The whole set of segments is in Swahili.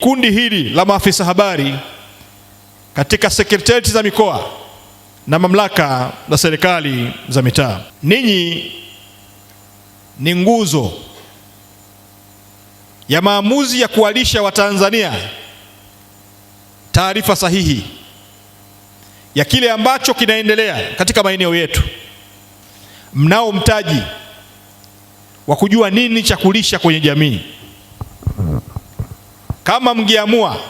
Kundi hili la maafisa habari katika sekretarieti za mikoa na mamlaka za serikali za mitaa, ninyi ni nguzo ya maamuzi ya kuwalisha Watanzania taarifa sahihi ya kile ambacho kinaendelea katika maeneo yetu. Mnao mtaji wa kujua nini cha kulisha kwenye jamii. Kama mngeamua,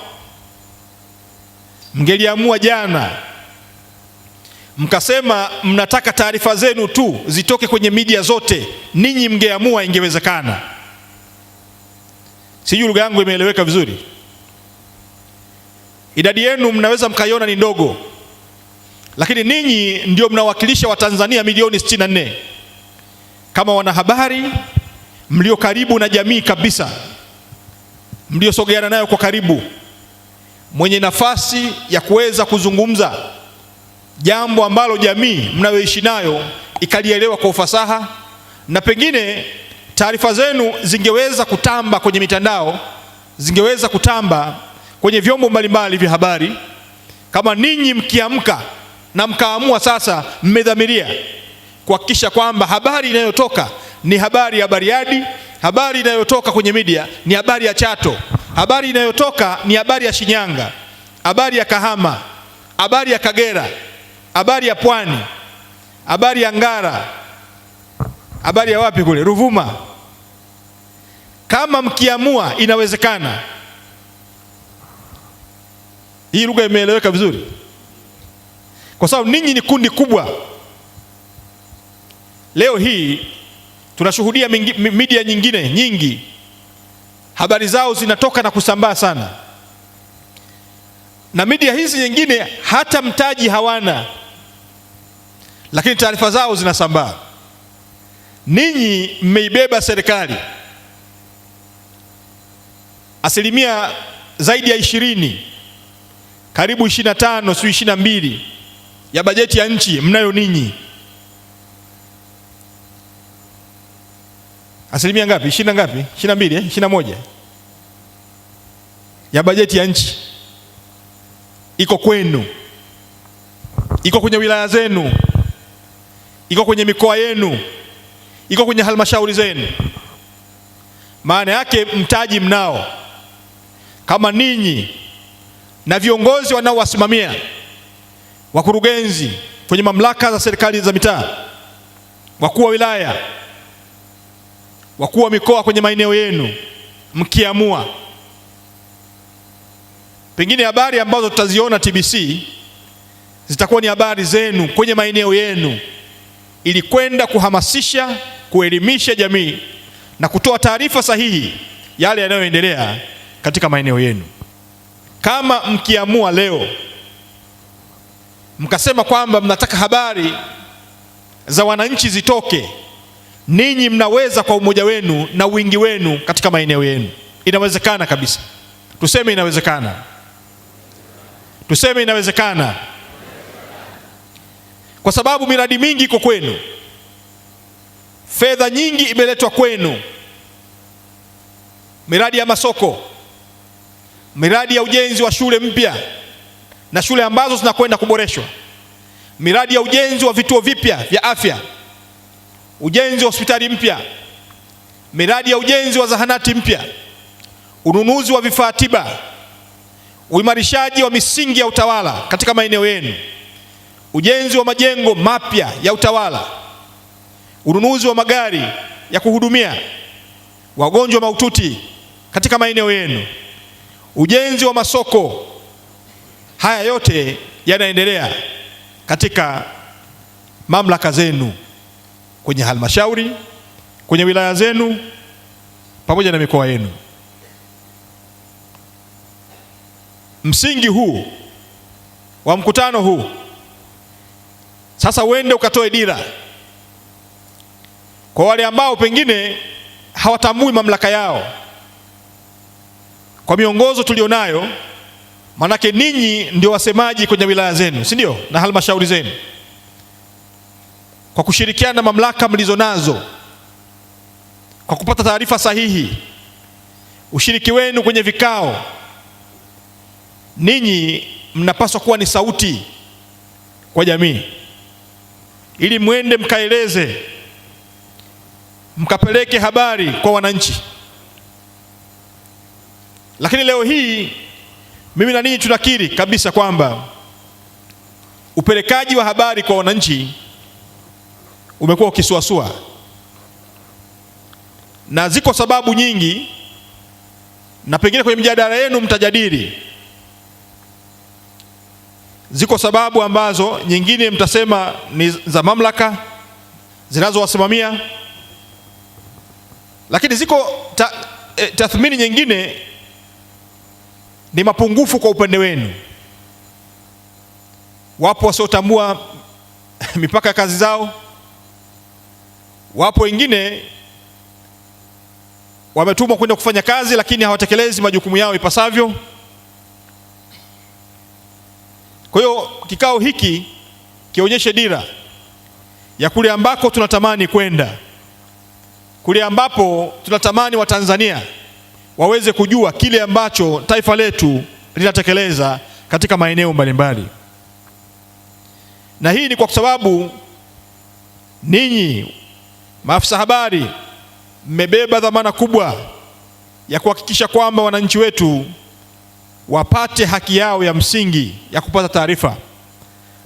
mngeliamua jana mkasema mnataka taarifa zenu tu zitoke kwenye media zote, ninyi mngeamua, ingewezekana. Sijui lugha yangu imeeleweka vizuri. Idadi yenu mnaweza mkaiona ni ndogo, lakini ninyi ndio mnawakilisha Watanzania milioni 64 kama wanahabari mlio karibu na jamii kabisa mliosogeana nayo kwa karibu, mwenye nafasi ya kuweza kuzungumza jambo ambalo jamii mnayoishi nayo ikalielewa kwa ufasaha, na pengine taarifa zenu zingeweza kutamba kwenye mitandao, zingeweza kutamba kwenye vyombo mbalimbali vya habari, kama ninyi mkiamka na mkaamua sasa mmedhamiria kuhakikisha kwamba habari inayotoka ni habari ya Bariadi habari inayotoka kwenye media ni habari ya Chato, habari inayotoka ni habari ya Shinyanga, habari ya Kahama, habari ya Kagera, habari ya Pwani, habari ya Ngara, habari ya wapi kule Ruvuma. Kama mkiamua, inawezekana. Hii lugha imeeleweka vizuri, kwa sababu ninyi ni kundi kubwa. Leo hii Tunashuhudia media nyingine nyingi, habari zao zinatoka na kusambaa sana, na media hizi nyingine hata mtaji hawana, lakini taarifa zao zinasambaa. Ninyi mmeibeba serikali asilimia zaidi ya ishirini, karibu 25 sio 22 ya bajeti ya nchi mnayo ninyi. asilimia ngapi? ishirini na ngapi? ishirini na mbili eh? ishirini na moja ya bajeti ya nchi iko kwenu, iko kwenye wilaya zenu, iko kwenye mikoa yenu, iko kwenye halmashauri zenu. Maana yake mtaji mnao kama ninyi na viongozi wanaowasimamia wakurugenzi kwenye mamlaka za serikali za mitaa, wakuu wa wilaya wakuu wa mikoa kwenye maeneo yenu, mkiamua pengine habari ambazo tutaziona TBC zitakuwa ni habari zenu kwenye maeneo yenu, ili kwenda kuhamasisha, kuelimisha jamii na kutoa taarifa sahihi yale yanayoendelea katika maeneo yenu. Kama mkiamua leo mkasema kwamba mnataka habari za wananchi zitoke ninyi mnaweza kwa umoja wenu na wingi wenu katika maeneo yenu. Inawezekana kabisa, tuseme inawezekana, tuseme inawezekana, kwa sababu miradi mingi iko kwenu, fedha nyingi imeletwa kwenu, miradi ya masoko, miradi ya ujenzi wa shule mpya na shule ambazo zinakwenda kuboreshwa, miradi ya ujenzi wa vituo vipya vya afya ujenzi wa hospitali mpya, miradi ya ujenzi wa zahanati mpya, ununuzi wa vifaa tiba, uimarishaji wa misingi ya utawala katika maeneo yenu, ujenzi wa majengo mapya ya utawala, ununuzi wa magari ya kuhudumia wagonjwa mahututi katika maeneo yenu, ujenzi wa masoko. Haya yote yanaendelea katika mamlaka zenu kwenye halmashauri, kwenye wilaya zenu pamoja na mikoa yenu. Msingi huu wa mkutano huu sasa uende ukatoe dira kwa wale ambao pengine hawatambui mamlaka yao kwa miongozo tulionayo, manake ninyi ndio wasemaji kwenye wilaya zenu, si ndio, na halmashauri zenu kwa kushirikiana na mamlaka mlizo nazo kwa kupata taarifa sahihi, ushiriki wenu kwenye vikao. Ninyi mnapaswa kuwa ni sauti kwa jamii, ili mwende mkaeleze, mkapeleke habari kwa wananchi. Lakini leo hii mimi na ninyi tunakiri kabisa kwamba upelekaji wa habari kwa wananchi umekuwa ukisuasua, na ziko sababu nyingi, na pengine kwenye mjadala yenu mtajadili. Ziko sababu ambazo nyingine mtasema ni za mamlaka zinazowasimamia, lakini ziko ta, e, tathmini nyingine ni mapungufu kwa upande wenu. Wapo wasiotambua mipaka ya kazi zao Wapo wengine wametumwa kwenda kufanya kazi, lakini hawatekelezi majukumu yao ipasavyo. Kwa hiyo kikao hiki kionyeshe dira ya kule ambako tunatamani kwenda, kule ambapo tunatamani Watanzania waweze kujua kile ambacho taifa letu linatekeleza katika maeneo mbalimbali. Na hii ni kwa sababu ninyi Maafisa habari, mmebeba dhamana kubwa ya kuhakikisha kwamba wananchi wetu wapate haki yao ya msingi ya kupata taarifa,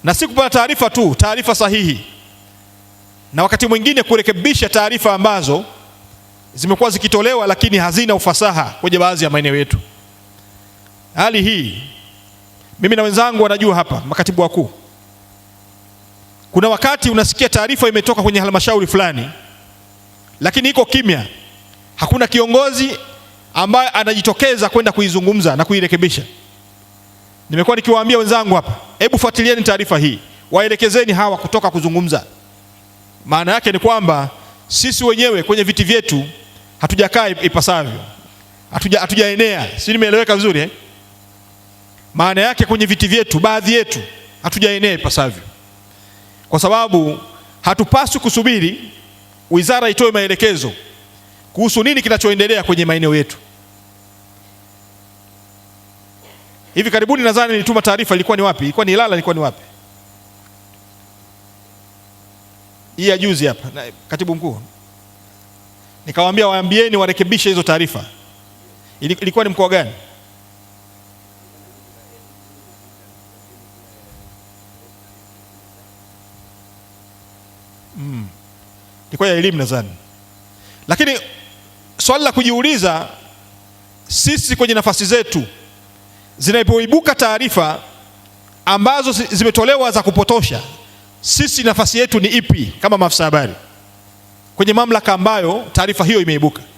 na si kupata taarifa tu, taarifa sahihi, na wakati mwingine kurekebisha taarifa ambazo zimekuwa zikitolewa lakini hazina ufasaha kwenye baadhi ya maeneo yetu. Hali hii mimi na wenzangu wanajua hapa, makatibu wakuu, kuna wakati unasikia taarifa imetoka kwenye halmashauri fulani lakini iko kimya. Hakuna kiongozi ambaye anajitokeza kwenda kuizungumza na kuirekebisha. Nimekuwa nikiwaambia wenzangu hapa, hebu fuatilieni taarifa hii, waelekezeni hawa kutoka kuzungumza. Maana yake ni kwamba sisi wenyewe kwenye viti vyetu hatujakaa ipasavyo, hatujaenea. Si nimeeleweka vizuri eh? Maana yake kwenye viti vyetu baadhi yetu hatujaenea ipasavyo, kwa sababu hatupaswi kusubiri wizara itoe maelekezo kuhusu nini kinachoendelea kwenye maeneo yetu. Hivi karibuni nadhani nilituma taarifa, ilikuwa ni wapi? Ilikuwa ni Ilala, ilikuwa ni wapi? Hii ya juzi hapa, katibu mkuu, nikawaambia waambieni warekebishe hizo taarifa. Ilikuwa ni mkoa gani? ilikuwa ya elimu nadhani. Lakini swali la kujiuliza sisi kwenye nafasi zetu zinapoibuka taarifa ambazo zimetolewa za kupotosha, sisi nafasi yetu ni ipi kama maafisa habari kwenye mamlaka ambayo taarifa hiyo imeibuka?